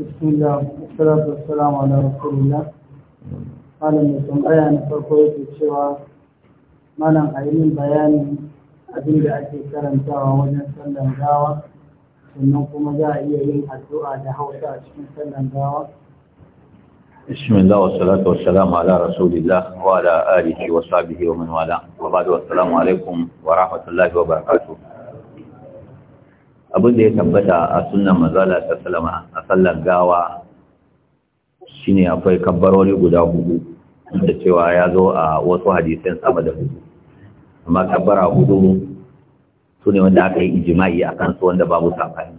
بسم الله والصلاة والسلام على رسول الله malam mai tambaya na farko yake cewa malam a yi bayanin abin da ake karantawa wajen sallan gawa sannan kuma za a iya yin addu'a da hausa a cikin sallan gawa بسم الله والصلاة والسلام على رسول الله وعلى آله وصحبه ومن والاه وبعد والسلام عليكم ورحمة الله وبركاته abin da ya tabbata a sunan mazala ta salama a sallar gawa Shi ne akwai kabbaroli guda hudu da cewa ya zo a wasu hadisan sama da hudu amma kabbara hudu su ne wanda aka yi ijima'i a kansu wanda babu saɓani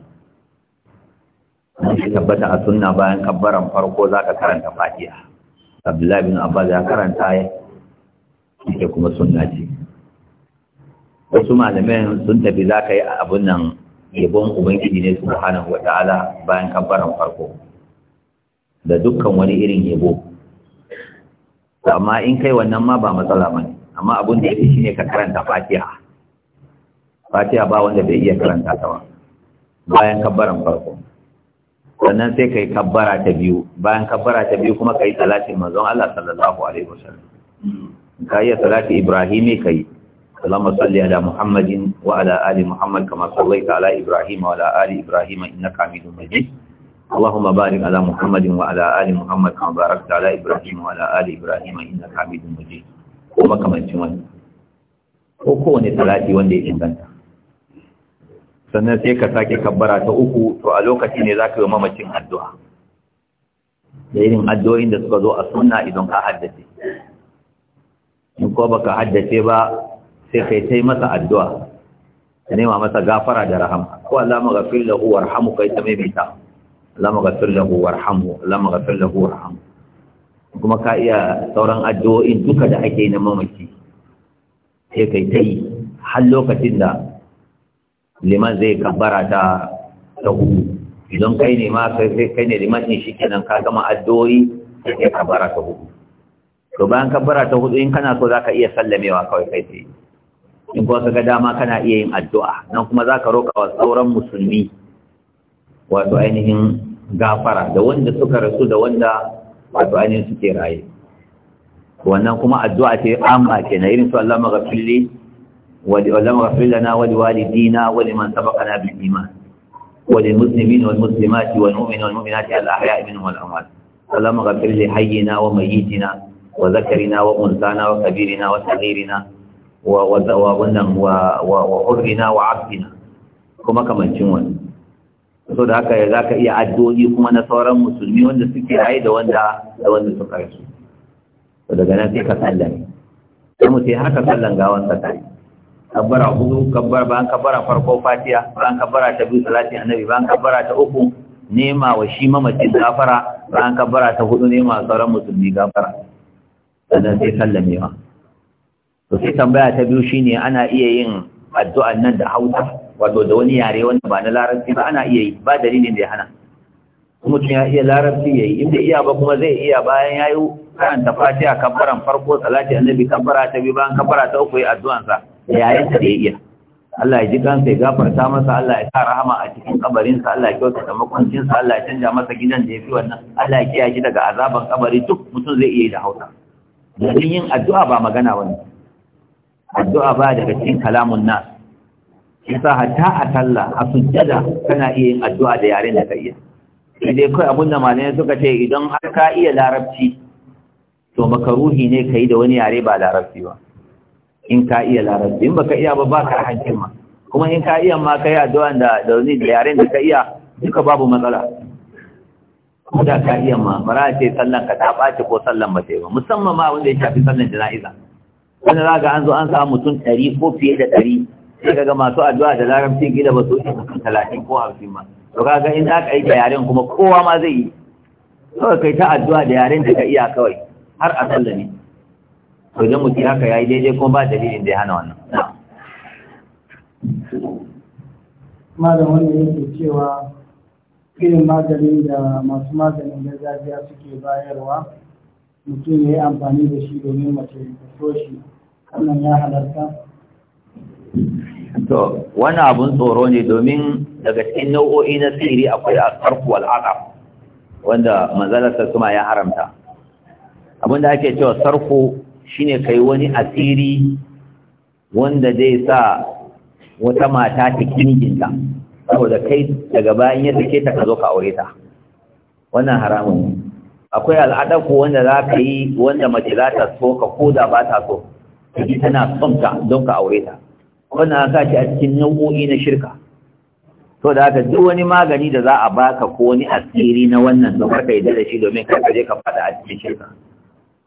shi tabbata a sunna bayan kabbaran farko za ka karanta Fatiya. abdullahi bin abbas ya karanta ya kuma suna ce wasu malamai sun tafi za ka yi abin nan yabon ubangiji ne subhanahu wa ta'ala bayan kabbaran farko da dukkan wani irin yabo amma in kai wannan ma ba matsala ba ne amma abin da yake shine ka karanta fatiha fatiha ba wanda bai iya karanta ta ba bayan kabbaran farko sannan sai kai kabbara ta biyu bayan kabbara ta biyu kuma kai salatin manzon Allah sallallahu alaihi wasallam ka iya salati ibrahimi kai اللهم صل على محمد وعلى آل محمد كما صليت على إبراهيم وعلى آل إبراهيم إنك حميد مجيد اللهم بارك على محمد وعلى آل محمد كما باركت على إبراهيم وعلى آل إبراهيم إنك حميد مجيد kuma kamancin wani ko kowane talati wanda ya inganta sannan sai ka sake kabbara ta uku to a lokaci ne za ka yi mamacin addu'a da irin addu'o'in da suka zo a sunna idan ka haddace in ko baka haddace ba sai kai ta yi masa addu'a ka nema masa gafara da rahama ko Allah maghfir lahu warhamu kai ta maimaita Allah maghfir lahu warhamu Allah maghfir lahu warhamu kuma ka iya sauran addu'o'in duka da ake na mamaki. sai kai ta yi har lokacin da liman zai kabbara ta ta hudu idan kai ne ma sai kai ne liman shi kenan ka gama addu'o'i sai kai kabbara ta hudu to bayan kabbara ta hudu in kana so za ka iya sallamewa kawai kai tsaye in kuma ga dama kana iya yin addu'a nan kuma za ka roƙa wa sauran musulmi wato ainihin gafara da wanda suka rasu da wanda wato ainihin suke raye wannan kuma addu'a ce amma ke na irin su Allah maghfirli wa Allah maghfir lana wa liwalidina wa liman sabaqana bil iman wa lil muslimin wal muslimati wal mu'minin wal mu'minati al ahya'i minhum wal amwat wa غفر wa unsana wa kabirina wa وصغيرنا wa wannan wa urrina wa abdina kuma kamancin wani so da haka za ka iya addu'o'i kuma na sauran musulmi wanda suke raye da wanda da wanda suka rasu So daga nan sai ka sallame kuma sai haka sallan gawan ka kai kabbara hudu kabbara ban kabbara farko fatiha ban kabbara ta biyu salati annabi ban kabbara ta uku nema wa shi mamacin gafara ban kabbara ta hudu nema sauran musulmi gafara sannan sai sallamewa to sai tambaya ta biyu shine ana iya yin addu'an nan da hausa wato da wani yare wanda ba na larabci ba ana iya yi ba dalilin da ya hana mutum ya iya larabci ya yi inda iya ba kuma zai iya bayan ya yi karanta fatiha kabbaran farko salati annabi kabbara ta biyu bayan kabbara ta uku ya addu'ansa da yayin da ya iya Allah ya ji kansa ya gafarta masa Allah ya sa rahama a cikin kabarinsa Allah ya kyautata sa Allah ya canja masa gidan da ya fi wannan Allah ya kiyaye shi daga azaban kabari duk mutum zai iya yi da hauta domin yin addu'a ba magana wani addu'a ba daga cikin kalamun nas yasa hatta a talla a sujjada kana iya yin addu'a da yaren da ka iya sai dai kai abin da malamai suka ce idan har ka iya larabci to makaruhi ne ka yi da wani yare ba larabci ba in ka iya larabci in baka iya ba ba ka hankin ma kuma in ka iya ma ka yi addu'a da da wani da yaren da ka iya duka babu matsala ko da ka iya ma bara ce sallan ka ta ɓaci ko sallan ba ta yi ba musamman ma wanda ya shafi sallan jana'iza wanda za an zo an samu mutum ɗari ko fiye da ɗari sai kaga masu addu'a da larabci gida ba su yi mutum talatin ko hamsin ma to kaga in za ka yi da yaren kuma kowa ma zai yi kawai kai ta addu'a da yaren da ka iya kawai har a ne to idan mutum haka ya yi daidai kuma ba dalilin da ya hana wannan malam wanda yake cewa irin maganin da masu maganin gargajiya suke bayarwa mutum ya yi amfani da shi domin mace ta shi wannan ya halarta to wannan abun tsoro ne domin daga cikin nau'o'i na sihiri akwai tsarku al'aƙa, wanda manzalarsa kuma ya haramta Abin da ake cewa sarko shine kai wani asiri wanda zai sa wata mata ta kinginta saboda kai daga bayan ya ke ta ka zo ka aure ta wannan haramun ne. akwai ko wanda za ka yi wanda mace za ta so ka ko da ba ta so kaji tana son ka don ka aure ta wannan an a cikin nau'o'i na shirka to da haka duk wani magani da za a baka ko wani asiri na wannan don karka yi da shi domin kai ka je ka fada a cikin shirka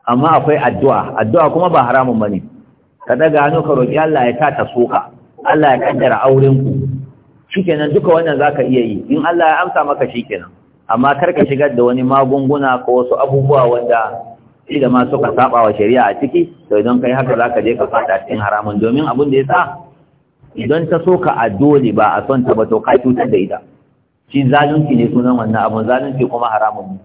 amma akwai addu'a addu'a kuma ba haramun bane ka daga hannu ka roƙi Allah ya ta ta soka Allah ya kaddara auren shikenan duka wannan zaka iya yi in Allah ya amsa maka shikenan amma kar ka shigar da wani magunguna ko wasu abubuwa wanda ilima ma suka saba wa shari'a a ciki to idan kai haka zaka je ka fada cikin haramun domin abin da yasa idan ta soka a dole ba a son ta ba to ka cutar da ita shi zalunci ne sunan wannan abun zalunci kuma haramun ne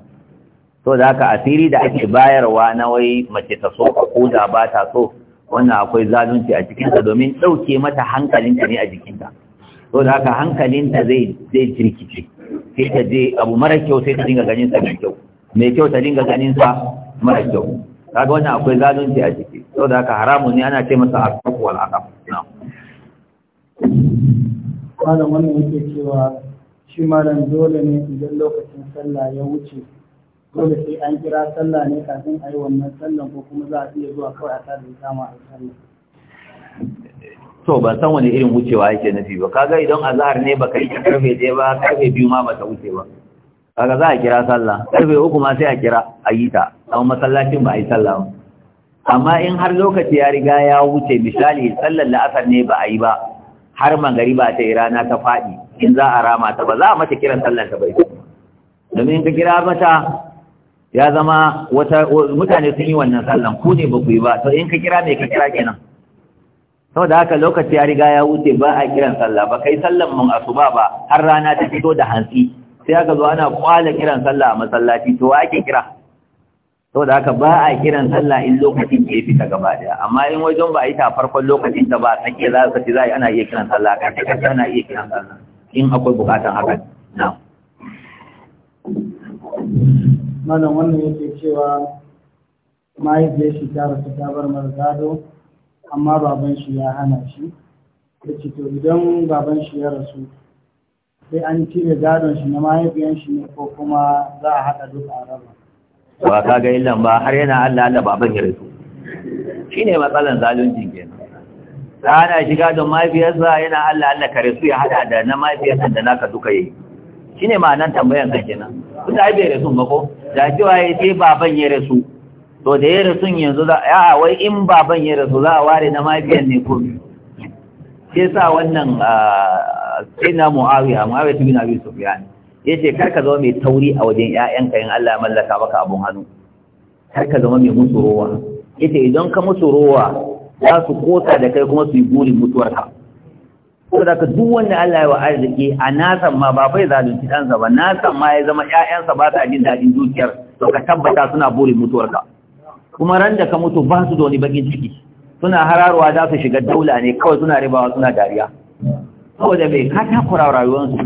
to da haka asiri da ake bayarwa na wai mace ta soka ko da ba ta so wannan akwai zalunci a ta domin ɗauke mata hankalinta ne a jikinta to da haka hankalinta zai zai jirkice sai ta je abu mara kyau sai ta dinga ganin sa mai kyau mai kyau ta dinga ganin sa mara kyau kaga wannan akwai zalunci a ciki saboda haka haramun ne ana ce masa asfaku wal aqab na'am malam wannan yake cewa shi malam dole ne idan lokacin sallah ya wuce dole sai an kira sallah ne kafin a yi wannan sallan ko kuma za a iya zuwa kawai a sa da kama a sallah to ban san wani irin wucewa yake nufi ba kaga idan azhar ne baka yi karfe ɗaya ba karfe biyu ma ba ta wuce ba kaga za a kira sallah karfe uku ma sai a kira a yi ta amma masallacin ba a yi sallah ba amma in har lokaci ya riga ya wuce misali sallar la'asar ne ba a yi ba har ba ta yi rana ta faɗi in za a rama ta ba za a mata kiran sallar ta bai domin ka kira mata ya zama wata mutane sun yi wannan sallar, ku ne ba ku yi ba to in ka kira me ka kira kenan saboda haka lokaci ya riga ya wuce ba a kiran sallah ba kai sallan mun asuba ba har rana ta fito da hantsi sai aka zo ana kwala kiran sallah a masallaci to ake kira saboda haka ba a kiran sallah in lokacin ke fita gaba daya amma in wajen ba a yi ta farkon lokacin ta ba sake za su ci za ana iya kiran sallah kan ta kanta ana iya kiran sallah in akwai bukatan haka na malam wannan yake cewa mahaifiyar shi ta rasu ta bar mara amma baban shi ya hana shi ya ce to idan baban shi ya rasu sai an cire gadon shi na mahaifiyan shi ne ko kuma za a haɗa duka a raba ba ka ga illan ba har yana Allah Allah baban ya rasu Shi ne matsalan zalunci kenan ta hana shi gadon mahaifiyarsa yana Allah Allah ka rasu ya haɗa da na mahaifiyarsa da naka duka yi Shi ne ma'anar tambayar sa kenan kuma ai bai rasu ba ko da cewa sai baban ya rasu to da ya rasu yanzu za a wai in baban ya rasu za a ware na mafiyan ne ko sai sa wannan sai na muawiya muawiya tibin abi Ya ce kar ka zama mai tauri a wajen ƴaƴanka in Allah ya mallaka maka abun hannu kar ka zama mai musu rowa ce idan ka musu rowa za su kosa da kai kuma su yi burin mutuwarka da ka duk wanda Allah ya wa arziki a nasan ma ba fai zalunci ɗansa ba nasan ma ya zama ƴaƴansa ba sa jin daɗin dukiyar to ka tabbata suna burin mutuwarka kuma ran da ka mutu ba su da wani bakin ciki suna hararuwa za su shiga daula ne kawai suna ribawa suna dariya saboda bai ka takura rayuwarsu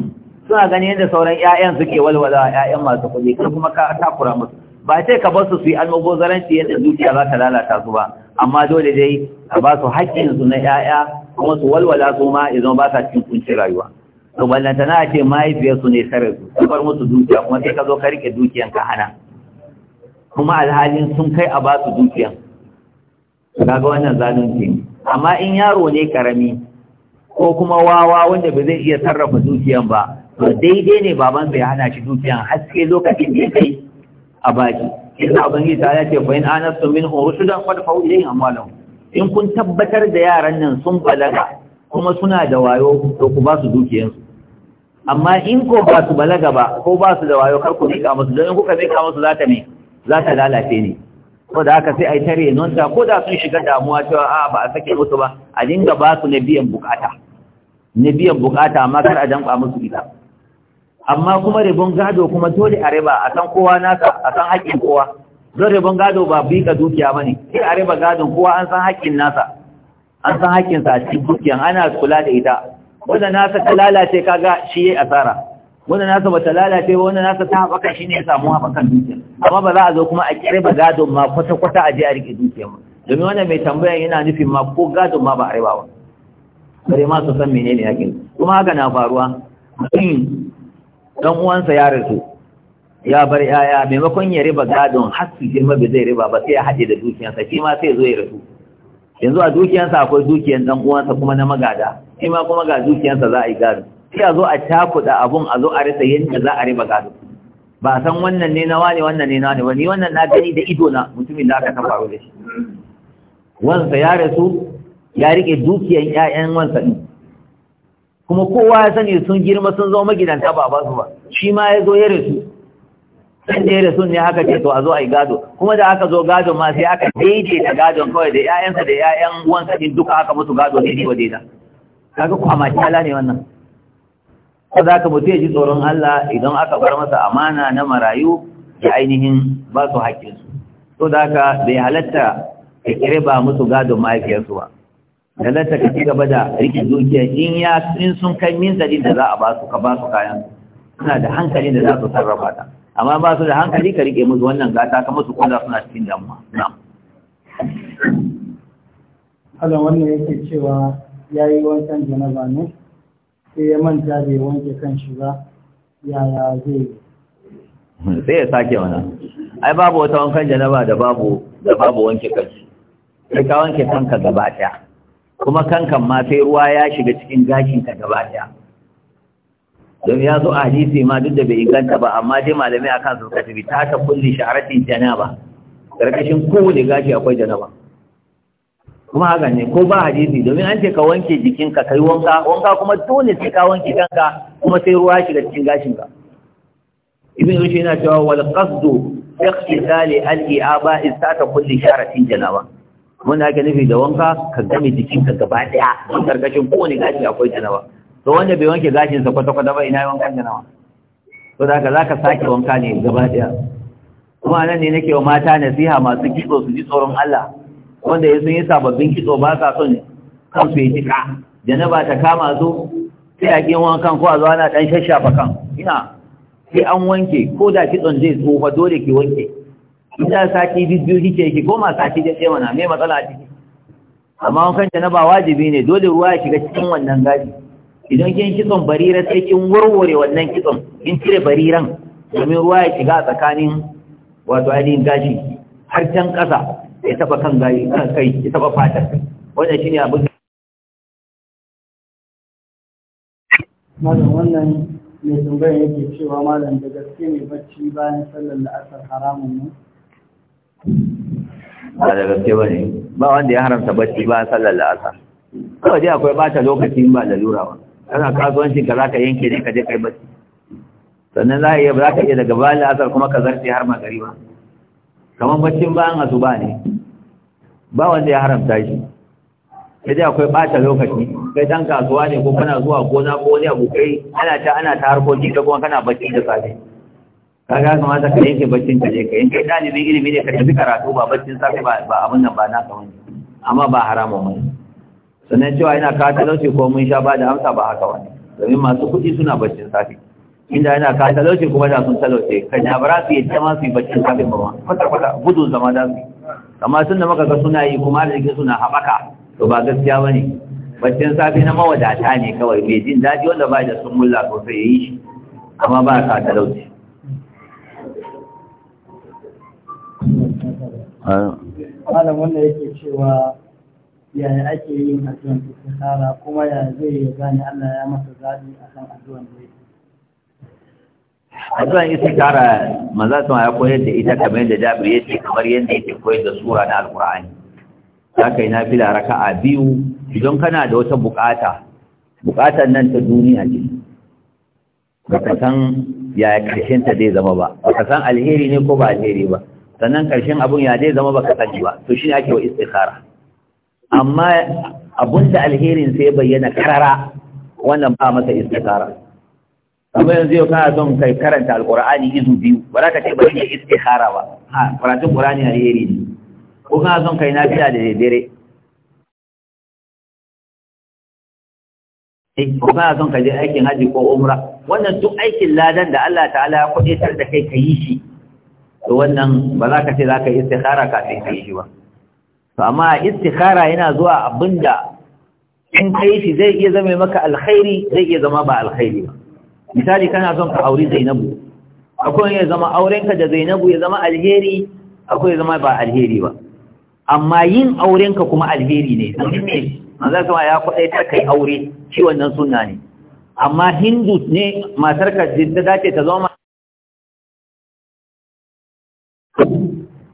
suna ganin yadda sauran 'ya'yan suke walwala 'ya'yan masu kuɗi ka kuma ka takura musu ba sai ka bar su su yi almubazaranci yadda zuciya za ta lalata su ba amma dole dai ka ba su haƙƙin su na 'ya'ya kuma su walwala su ma zama ba sa cikin kuncin rayuwa to ballantana a ce mahaifiyarsu ne sarar su ka bar musu dukiya kuma sai ka zo ka rike dukiyan ka hana kuma alhalin sun kai a basu dukiyan kaga wannan zalunci ne amma in yaro ne karami ko kuma wawa wanda ba zai iya sarrafa dukiyan ba to daidai ne babansa ya hana shi dukiyan har sai lokacin da kai a baki inna abin ta ya ce fa in anastu minhu rushdan qad fa'u ilayhi amwalahum in kun tabbatar da yaran nan sun balaga kuma suna da wayo to ku basu dukiyan dukiyansu amma in ko ba su balaga ba ko ba su da wayo kar ku mika musu don in kuka mika musu za ta ne. za ta lalace ne ko da aka sai a yi ta ko da sun shiga damuwa cewa a ba a sake musu ba a dinga ba su na biyan bukata na biyan bukata amma kar a danƙa musu ita amma kuma ribon gado kuma dole a riba a san kowa nasa a san haƙƙin kowa don ribon gado ba bi ka dukiya ba ne sai a riba gadon kowa an san haƙƙin nasa an san haƙƙinsa a cikin dukiyan ana kula da ita wanda nasa ta lalace kaga shi yai asara wanda nasa bata lalace ba wanda nasa ta haɓaka shi ne ya samu haɓakan dukiya amma ba za a zo kuma a kere ba gadon ma kwata-kwata a je a riƙe dukiya ma domin wanda mai tambayan yana nufin ma ko gadon ma ba a riba ba bare ma su san menene yakin kuma haka na faruwa mutum dan uwansa ya rasu ya bar yaya maimakon ya riba gadon har su girma bai zai riba ba sai ya haɗe da dukiyansa shi ma sai zo ya rasu yanzu a dukiyansa akwai dukiyan dan uwansa kuma na magada shi ma kuma ga dukiyansa za a yi gado sai a zo a takuda abun a zo a rasa yadda za a riba gado ba a san wannan ne na wane wannan ne na wane wani wannan na gani da ido na mutumin da aka ta faru da shi wansa ya rasu ya rike dukiyan ƴaƴan wansa ne kuma kowa ya sani sun girma sun zo magidanta ba ba su ba shi ma ya zo ya rasu san da ya rasu ne haka ce to a zo a yi gado kuma da aka zo gado ma sai aka daidaita gadon kawai da ƴaƴansa da ƴaƴan wansa ne duka aka musu gado ne ne wa daida kaga ala ne wannan ko za ka mutu ya ji tsoron Allah idan aka bar masa amana na marayu da ainihin ba su haƙƙinsu to da ka bai halatta ka kire ba musu gadon mahaifiyarsu ba halatta ka ci gaba da riƙe dukiya in ya in sun kai min da za a ba su ka ba su kayan suna da hankali da za su sarrafa ta amma ba su da hankali ka riƙe musu wannan gata ka musu kula suna cikin damuwa na Allah wannan yake cewa ya yi wancan janaba ne sai ya manta bai wanke kan shi ba yaya zai sai ya sake wani ai babu wata wankan janaba da babu da babu wanke shi sai ka wanke kanka gaba daya kuma kankan ma sai ruwa ya shiga cikin gashin ka gaba daya don ya zo a hadisi ma duk da bai inganta ba amma dai malamai akan su ka tafi ta ta kulli sha'aratin janaba karkashin kowane gashi akwai janaba kuma haka ne ko ba hadisi domin an ce ka wanke jikinka kai wanka wanka kuma dole sai ka wanke kanka kuma sai ruwa shiga cikin gashinka ibn rushi yana cewa wal qasdu ikhtisali al-i'aba istata kulli sharatin janaba mun da ake nufi da wanka ka game jikinka gaba daya karkashin kowane gashi akwai janaba to wanda bai wanke gashinsa kwata-kwata ba ina wankan janaba to da za ka sake wanka ne gaba daya kuma nan ne nake wa mata nasiha masu kiso su ji tsoron Allah wanda ya sun yi sababbin kitso ba sa son su yi jika janaba ta kama su sai a ƙin wankan ko a zuwa na ɗan shashafa kan ina sai an wanke ko da kitson zai tsofa dole ki wanke ina sati biyu kike ki koma sati da ce mana me matsala a ciki amma wankan janaba wajibi ne dole ruwa ya shiga cikin wannan gaji. idan kin kitson barira sai kin warware wannan kitson kin cire bariran domin ruwa ya shiga a tsakanin wato ainihin gashi har can ƙasa ya taba kan gayi kan kai ya taba fata wannan shine abin da malam wannan mai tambayar yake cewa malam da gaske ne bacci bayan sallar la'asar haramun ne ba da gaske ba ne ba wanda ya haramta bacci bayan sallar la'asar kawai dai akwai bata lokaci ba da lurawa kana kasuwanci ka zaka yanke ne ka je kai bacci sannan za iya ba za ka iya daga bayan la'asar kuma ka zarce har magariba kamar baccin bayan asuba ne ba wanda ya haramta shi sai dai akwai ɓata lokaci kai dan kasuwa ne ko kana zuwa gona ko wani abu kai ana ta ana ta harkoki ka kuma kana bacci da safe kaga ta ka yanke baccin ka je ka yanke ɗalibin ilimi ne ka tafi karatu ba baccin safe ba abin nan ba naka wani amma ba haramun mai. sannan cewa yana kawo talauci ko mun sha ba da amsa ba haka wani domin masu kuɗi suna baccin safe inda yana kawo talauci kuma da sun talauce kan ya bara su yi ma su yi baccin safe ba ma kwata-kwata gudun zama za su yi amma sun da muka ga suna yi kuma arziki suna haɓaka to ba gaskiya ba ne baccin safe na mawadata ne kawai mai jin daji wanda ba da sun mulla sosai ya yi shi amma ba ka talauci malam wanda yake cewa yaya ake yin addu'an kuma ya zai gane Allah ya masa zaɓi akan addu'an da yake A isa kara maza sun ya koyar da ita kamar yadda jabir ya ce kamar yadda yake koyar da sura na alkur'ani za ka yi na raka a biyu idan kana da wata bukata bukatar nan ta duniya ce ba ka san ya karshen ta zai zama ba ba ka san alheri ne ko ba alheri ba sannan karshen abun ya zai zama ba ka sani ba to shi ne ake wa istikara amma abun da alherin sai bayyana karara wannan ba masa istikara amma yanzu yau kana son kai karanta alƙur'ani izu biyu ba za ka ce bari ne hara ba ha karatun a yeri ne ko kana son kai fiya da dare eh ko kana son ka je aikin haji ko umra wannan duk aikin ladan da Allah ta'ala ya kudaitar da kai ka yi shi to wannan ba za ka ce za ka yi istikhara kafin ka yi shi ba to amma istikhara yana zuwa abinda in ka yi shi zai iya zama maka alkhairi zai iya zama ba alkhairi ba misali kana son ka aure zainabu akwai ya zama aurenka da zainabu ya zama alheri akwai ya zama ba alheri ba amma yin aurenka kuma alheri ne domin me manzo kuma ya kwadai ta kai aure shi wannan sunna ne amma hindu ne matar ka da dace ta zama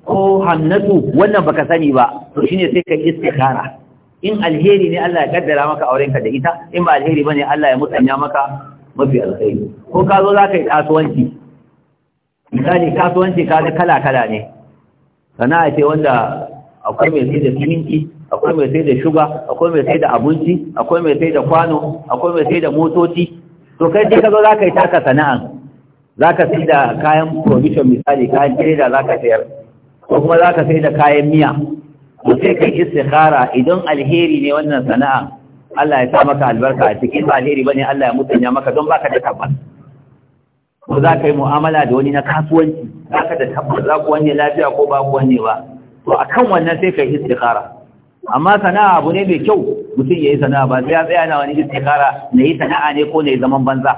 ko hannatu wannan baka sani ba to shine sai ka istikara in alheri ne Allah ya kaddara maka aurenka da ita in ba alheri bane Allah ya musanya maka mafi alkhairi ko ka zo za ka yi kasuwanci misali kasuwanci ka ga kala-kala ne sana'a ce wanda akwai mai sai da siminti akwai mai sai da shuga akwai mai sai da abinci akwai mai sai da kwano akwai mai sai da motoci to kai sai ka zo za ka yi taka sana'a za ka sai da kayan provision misali kayan trader za ka sayar ko kuma za ka sai da kayan miya to sai ka istikhara idan alheri ne wannan sana'a Allah ya sa maka albarka a cikin ba alheri bane Allah ya mutunya maka don baka da tabbas ko za ka yi mu'amala da wani na kasuwanci baka da tabbas za ku wani lafiya ko ba ku wani ba to akan wannan sai kai istikhara amma sana'a abu ne mai kyau mutum yayi sana'a ba sai ya tsaya na wani istikhara na yi sana'a ne ko na yi zaman banza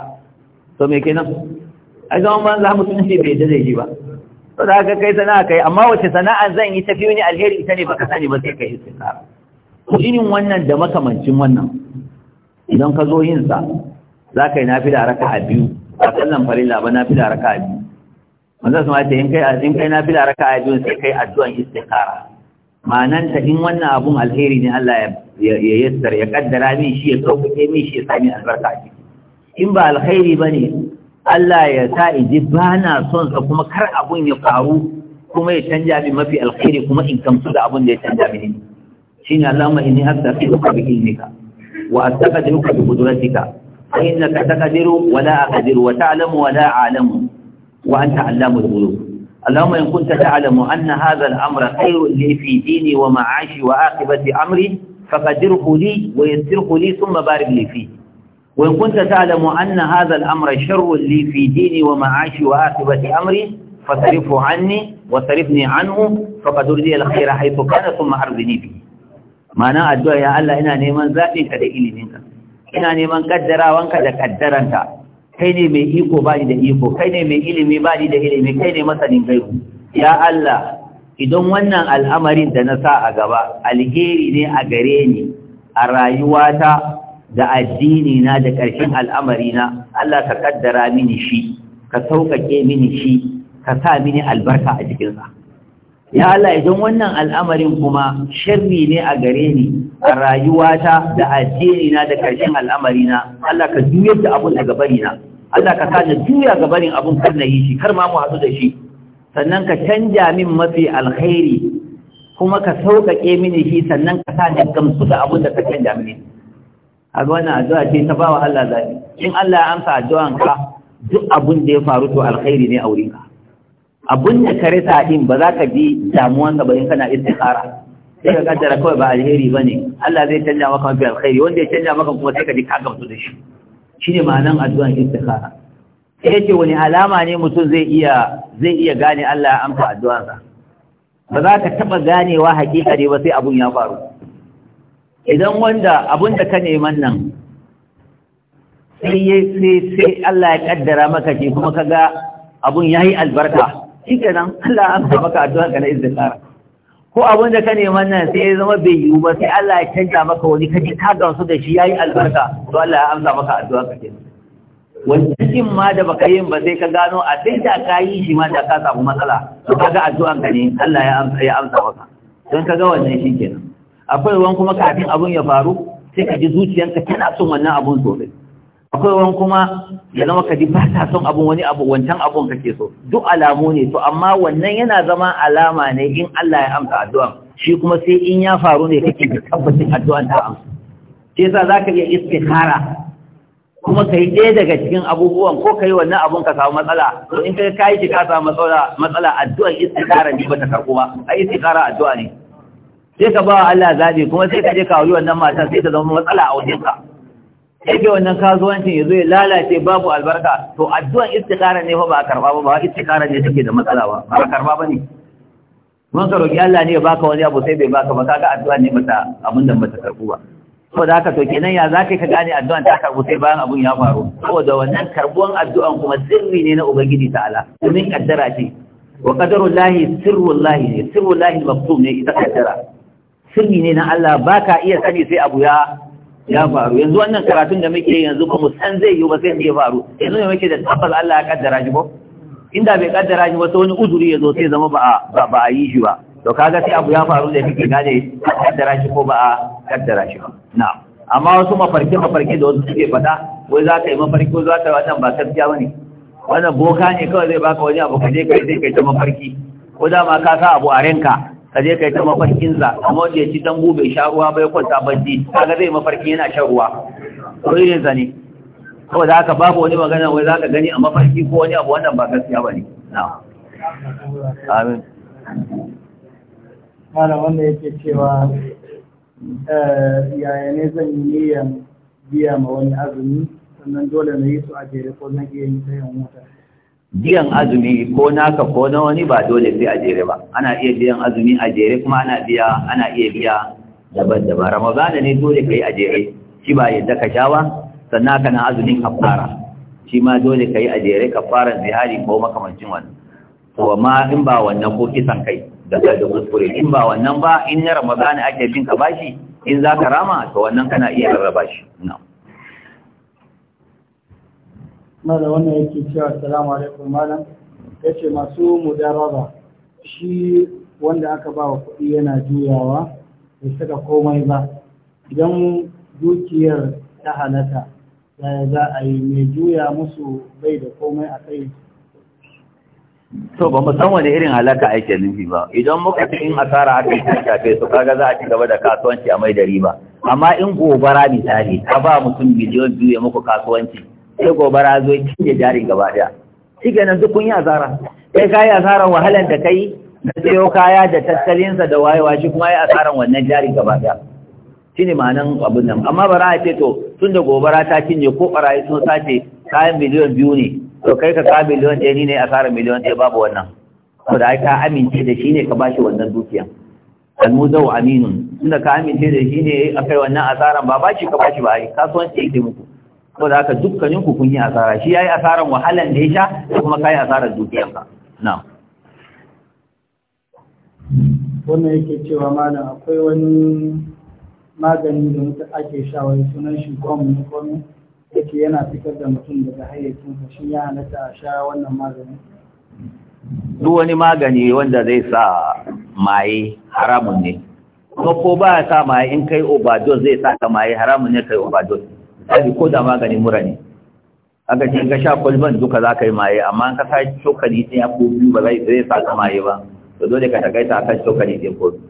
to me kenan a zaman banza mutum shi bai da zai yi ba to da ka kai sana'a kai amma wace sana'a zan yi tafi wani alheri ita ne baka sani ba sai kai istikhara to irin wannan da makamancin wannan idan ka zo yin sa za ka yi raka a biyu a na farilla ba raka a biyu wanda su ce in kai in kai raka a biyu sai kai addu'an istikara ma'anan ta in wannan abun alheri ne Allah ya yassar ya kaddara min shi ya sauƙaƙe min shi ya sami albarka a ciki in ba alheri ba ne Allah ya sa in ji ba na son sa kuma kar abun ya faru kuma ya canja min mafi alheri kuma in kamsu da abun da ya canja ne. shine اللهم إني astaghfiruka bi ilmika بقدرتك فإنك تقدر ولا أقدر وتعلم ولا أعلم وأنت علام wa اللهم إن كنت تعلم أن هذا الأمر خير لي في ديني ومعاشي وآخبة أمري فقدره لي ويسره لي ثم بارك لي فيه وإن كنت تعلم أن هذا الأمر شر لي في ديني ومعاشي وآخبة أمري فصرفه عني وصرفني عنه فقدر لي الخير حيث كان ثم أرضني به ma'ana addu'a ya Allah ina neman zaɓinka da iliminka ina neman kaddarawanka da kaddaranta kai ne mai iko ba ni da iko kai ne mai ilimi ba ni da ilimi kai ne masanin gaibu ya Allah idan wannan al'amarin da na sa a gaba alheri ne a gare ni a rayuwata da addini na da ƙarshen al'amari na Allah ka kaddara mini shi ka sauƙaƙe mini shi ka sa mini albarka a cikinsa ya Allah idan wannan al'amarin kuma sharri ne a gare ni a rayuwata da addini na da ƙarshen al'amari na Allah ka juyar da abun a gabari na Allah ka sa juya gabarin abun kar na yi shi kar ma mu haɗu da shi sannan ka canja min mafi alkhairi kuma ka sauƙaƙe mini shi sannan ka sa ni gamsu da abun da ka canja mini a ga wannan addu'a ce ta bawa Allah zaɓi in Allah ya amsa ka duk abun da ya faru to alkhairi ne a wurinka abun da ka rasa din ba za ka bi damuwan ka ba in kana istikhara sai ka kaddara kawai ba alheri bane Allah zai canja maka mafi alheri wanda ya canja maka kuma sai ka ji ka gamsu da shi shine ma'anan addu'an istikhara sai yake wani alama ne mutum zai iya zai iya gane Allah ya amsa addu'arsa ba za ka taba ganewa hakika ne ba sai abun ya faru idan wanda abun da ka neman nan sai sai sai Allah ya kaddara maka shi kuma kaga abun yayi albarka shi kenan Allah an ba maka addu'a ka na istikhara ko abin da ka neman nan sai ya zama bai yiwu ba sai Allah ya canza maka wani ka ji ka gamsu da shi yayi albarka to Allah ya amsa maka addu'a ka kenan wannan din ma da baka yin ba sai ka gano a sai da ka yi shi ma da ka samu matsala to kaga addu'an ka ne Allah ya amsa ya amsa maka don kaga wannan shi kenan akwai wani kuma kafin abun ya faru sai ka ji zuciyanka tana son wannan abun sosai akwai wani kuma ya zama ka ji ba ta son abun wani abu wancan abun kake so duk alamu ne to amma wannan yana zama alama ne in Allah ya amsa addu'a shi kuma sai in ya faru ne kake da tabbacin addu'a ta amsa sai yasa zaka iya istikhara kuma kai ɗaya daga cikin abubuwan ko kai wannan abun ka samu matsala to in kai kai ki ka samu matsala matsala addu'a istikhara ne ba ta karɓo ba ai istikhara addu'a ne sai ka ba Allah zabi kuma sai ka je ka wuri wannan matan sai ta zama matsala a wajenka yake wannan kasuwancin ya zo ya lalace babu albarka to addu'an istikara ne fa ba a karba ba ba istikara ne take da matsala ba ba karba ba ne mun ka roƙi Allah ne ya baka wani abu sai bai baka ba kaga addu'a ne mata abin da mata karbu ba saboda haka to kenan ya zaka ka gane addu'an ta karbu sai bayan abun ya faru saboda wannan karbuwan addu'an kuma sirri ne na ubangiji ta'ala domin kaddara ce wa qadarullahi sirrullahi ne sirrullahi maktub ne ita kaddara sirri ne na Allah baka iya sani sai abu ya ya faru yanzu wannan karatun da muke yanzu kuma san zai yi ba sai ya faru yanzu ne muke da tabbas Allah ya kaddara shi ba inda bai kaddara shi ba sai wani uzuri ya zo sai zama ba ba a yi shi ba to kaga sai abu ya faru da kike gane a kaddara shi ko ba a kaddara shi ba na'am amma wasu mafarki mafarki da wasu suke fada, wai za ka yi mafarki ko za ka yi wannan ba gaskiya ba ne wannan boka ne kawai zai baka wani abu ka je kai sai kai ta mafarki ko da ma ka sa abu a ranka ka je kai ta mafarkin za amma wanda ya ci dambu bai sha ruwa bai kwanta bacci kaga zai mafarki yana shan ruwa ko irin sa ne kawai da aka babu wani magana wai za ka gani a mafarki ko wani abu wannan ba gaskiya ba ne na amin mana wanda yake cewa eh, yaya ne zan yi niyan biya ma wani azumi sannan dole na yi su a jere ko zan iya yin tayin mota. biyan azumi ko naka ko na wani ba dole sai a jere ba ana iya biyan azumi a jere kuma ana biya ana iya biya daban-daban ramadana ne dole kai a jere shi ba yadda ka sha ba sannan kana azumin kafara shi ma dole kai a jere kafaran zihari ko makamancin wannan to amma in ba wannan ko kisan kai da ka da kuskure in ba wannan ba in na ramadana ake bin ka bashi in za ka rama to wannan kana iya rarraba shi na'am mara wannan yake cewa salamu alaikum malam ya ce masu mudaraba shi wanda aka ba wa kuɗi yana juyawa bai saka komai ba idan dukiyar ta halata yaya za a yi mai juya musu bai da komai a kai to ba mu san wani irin halaka ake nufi ba idan muka ci in asara aka yi shafe su kaga za a ci gaba da kasuwanci a mai da riba amma in gobara misali ka ba mutum miliyon biyu ya muku kasuwanci sai gobara zo cinye jari gaba daya shi nan duk kun yi asara kai ka yi asaran wahalar da kai na sayo kaya da tattalinsa da wayewa shi kuma ya asaran wannan jari gaba daya shi ne ma'anan abin nan amma bara a ce to tun da gobara ta cinye ko barayi sun sace kayan miliyon biyu ne to kai ka kawo miliyon ɗaya ni ne asarar miliyon ɗaya babu wannan ko da ka amince da shi ne ka ba shi wannan dukiyan almuzau aminun tunda ka amince da shi ne akai wannan asaran ba ba shi ka ba shi ba ai kasuwanci yake muku ko da haka dukkanin ku kun yi asara shi yayi asaran wahalan da ya sha kuma kai asaran ka na'am wannan yake cewa malam akwai wani magani da mutum ake sha sunan shi ne ko ne? yake yana fitar da mutum daga sa shi ya halatta a sha wannan magani duk wani magani wanda zai sa maye haramun ne ko ba ya sa maye in kai overdose zai sa ka maye haramun ne kai overdose misali ko da maganin mura ne aka ce ka sha kwalban duka za ka yi maye amma ka sa cokali ya ko biyu ba zai sa ka maye ba to dole ka takaita ta kan cokali ɗin ko biyu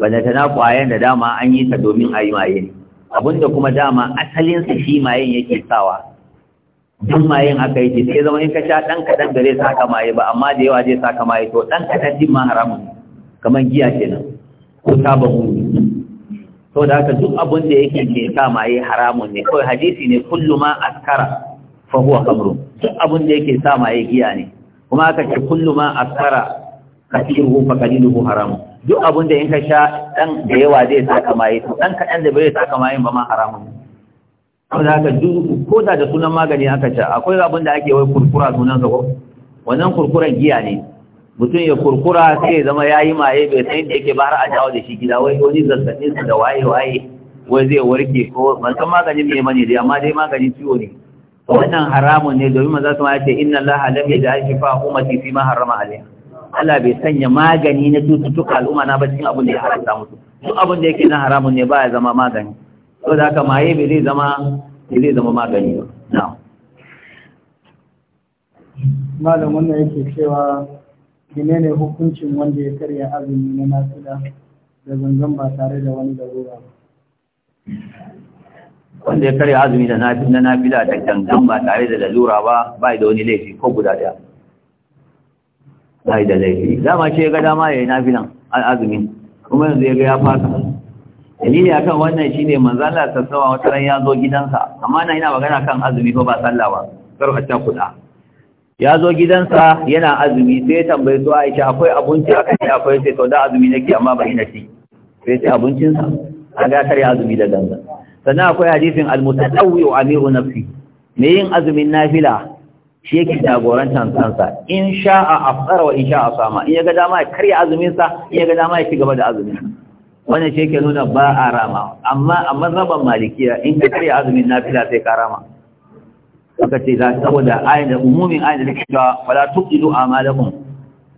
tana ta da dama an yi ta domin a yi maye ne abinda kuma dama asalinsa shi mayen yake sawa duk mayen aka yi sai zama in ka sha ɗan kaɗan da zai sa ka maye ba amma da yawa zai sa ka maye to ɗan kaɗan din ma haramun kamar giya kenan ko sabon to da haka duk abin da yake ke sa yi haramun ne kawai hadisi ne kullu ma askara fa huwa kamru duk abin da yake sa ma yi giya ne kuma aka ce kullu ma askara kasiruhu fa qaliluhu haramun duk abin da in ka sha dan da yawa zai sa ka maye to dan kadan da bai sa ka maye ba ma haramun ne. ko da haka duk ko da da sunan magani aka ce akwai abin da ake wai kurkura sunan sa ko wannan kurkuran giya ne mutum ya kurkura sai ya zama ya yi maye bai san da yake ba har a jawo da shi gida wai wani zazzabin su da waye waye wai zai warke ko ban san maganin mai mani dai amma dai maganin ciwo ne wannan haramun ne domin maza su ma ce, inna allaha lam yaj'al shifa ummati fi ma harrama alaiha Allah bai sanya magani na cututtuka al'umma na ba cikin abin da ya haramta musu duk abin da yake na haramun ne ba ya zama magani saboda haka maye bai zai zama bai zai zama magani ba na'am malam wannan yake cewa menene hukuncin wanda ya karya azumi na nafila da zangon ba tare da wani larura ba wanda ya karya azumi da na nafila da gangan ba tare da lalura ba bai da wani laifi ko guda daya bai da laifi dama ce ga dama ya yi nafilan azumin kuma yanzu ya ga ya fasa dalili akan wannan shine manzan Allah sassawa wata ran ya zo gidansa amma na ina magana kan azumi ko ba sallah ba kar ka ta kuda ya zo gidansa yana azumi sai ya tambayi su aisha akwai abinci aka ce akwai sai to da azumi nake amma bai na ci sai ce abincinsa a ga ya azumi da ganga sannan akwai hadisin almutadawwi wa amiru nafsi me yin azumin nafila shi yake jagorantar kansa in sha'a afsara wa in sha'a sama in ya ga dama ya karya azumin sa in ya ga dama ya ci gaba da azumin wannan shi yake nuna ba a rama amma a mazhaban malikiya in ka karya azumin nafila sai ka rama suka ce za saboda ayin da umumin ayin da suke cewa wala tuqilu amalakum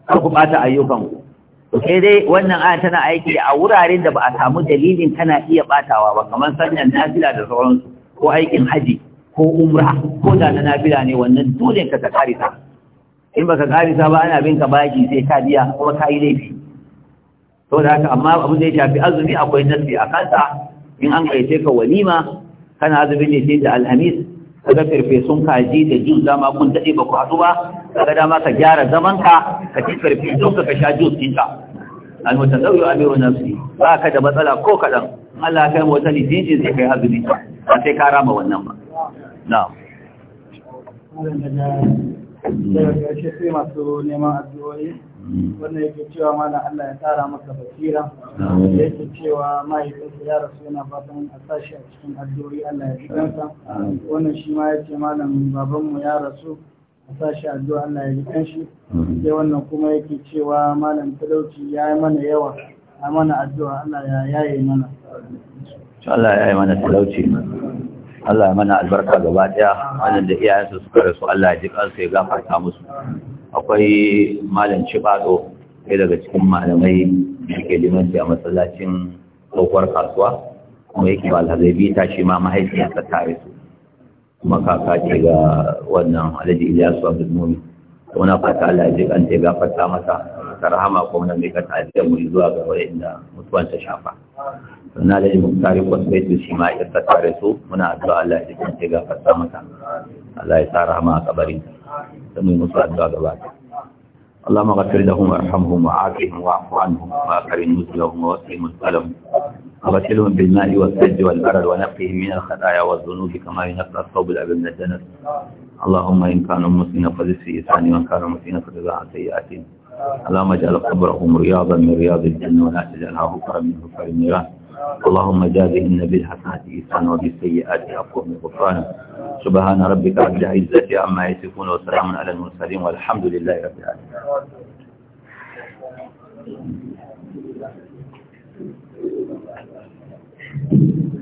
kar ku bata ayyukan ku sai dai wannan ayin tana aiki a wuraren da ba a samu dalilin kana iya batawa ba kamar sanyan nafila da sauransu ko aikin haji ko umra ko da na nafila ne wannan dole ka ta karisa in baka karisa ba ana bin ka baki sai ka biya kuma ka yi laifi saboda haka amma abin da ya shafi azumi akwai nasi a kansa in an gaice ka walima kana azumin ne sai da alhamis kaga farfesun kaji da jus dama kun daɗe ba ku haɗu ba kaga dama ka gyara zaman ka ka ci farfesun ka ka sha jus ɗinka almutazawwi amiru nafsi ba ka da matsala ko kaɗan Allah kai wata litinin zai kai azumi ba sai ka rama wannan ba na'am masu neman addu'o'i wannan yake cewa mana Allah ya tara maka basira da yake cewa mahaifinsa ya rasu yana fatan a sashi a cikin addu'o'i Allah ya ji kansa wannan shi ma yace malam babanmu ya rasu a sashi addu'a Allah ya ji kanshi sai wannan kuma yake cewa malam talauci ya yi mana yawa a mana addu'a Allah ya yaye mana Allah ya yi mana talauci Allah ya mana albarka gaba daya wannan da iyayensu suka rasu Allah ya ji kansu ya gafarta musu akwai malam cibado ɗaya daga cikin malamai da ke limanci a masallacin tsohuwar kasuwa kuma yake ba alhazabi ta shi ma mahaifiyarsa ta rasu kuma kaka ce ga wannan alhaji Ilyasu Abdulmumin. Wani fata Allah ya kan ce gafarta masa karama ko muna mai kata ajiyar mu zuwa ga wa'inda mutuwan ta shafa na da tare ko sai bai shi ma ya tattare su muna addu'a Allah ya kance ga fata mata Allah ya sa rahama a kabarin da mu musu addu'a gaba ta اللهم اغفر لهم وارحمهم وعافهم واعف عنهم واكرم نزلهم ووسع مثلهم وغسلهم بالماء والثلج والبرد ونقهم من الخطايا والذنوب كما ينقى الثوب الابيض من الدنس اللهم ان كانوا مسلمين في اسعاني وان كانوا مسلمين فجزاء سيئاتهم اللهم اجعل قبرهم رياضا من رياض الجنة ولا تجعلها غفرا من غفر النيران اللهم جازهن بالحسنات إحسانا وبالسيئات عفوا غفرانا سبحان ربك رب العزة عما يصفون وسلام على المرسلين والحمد لله رب العالمين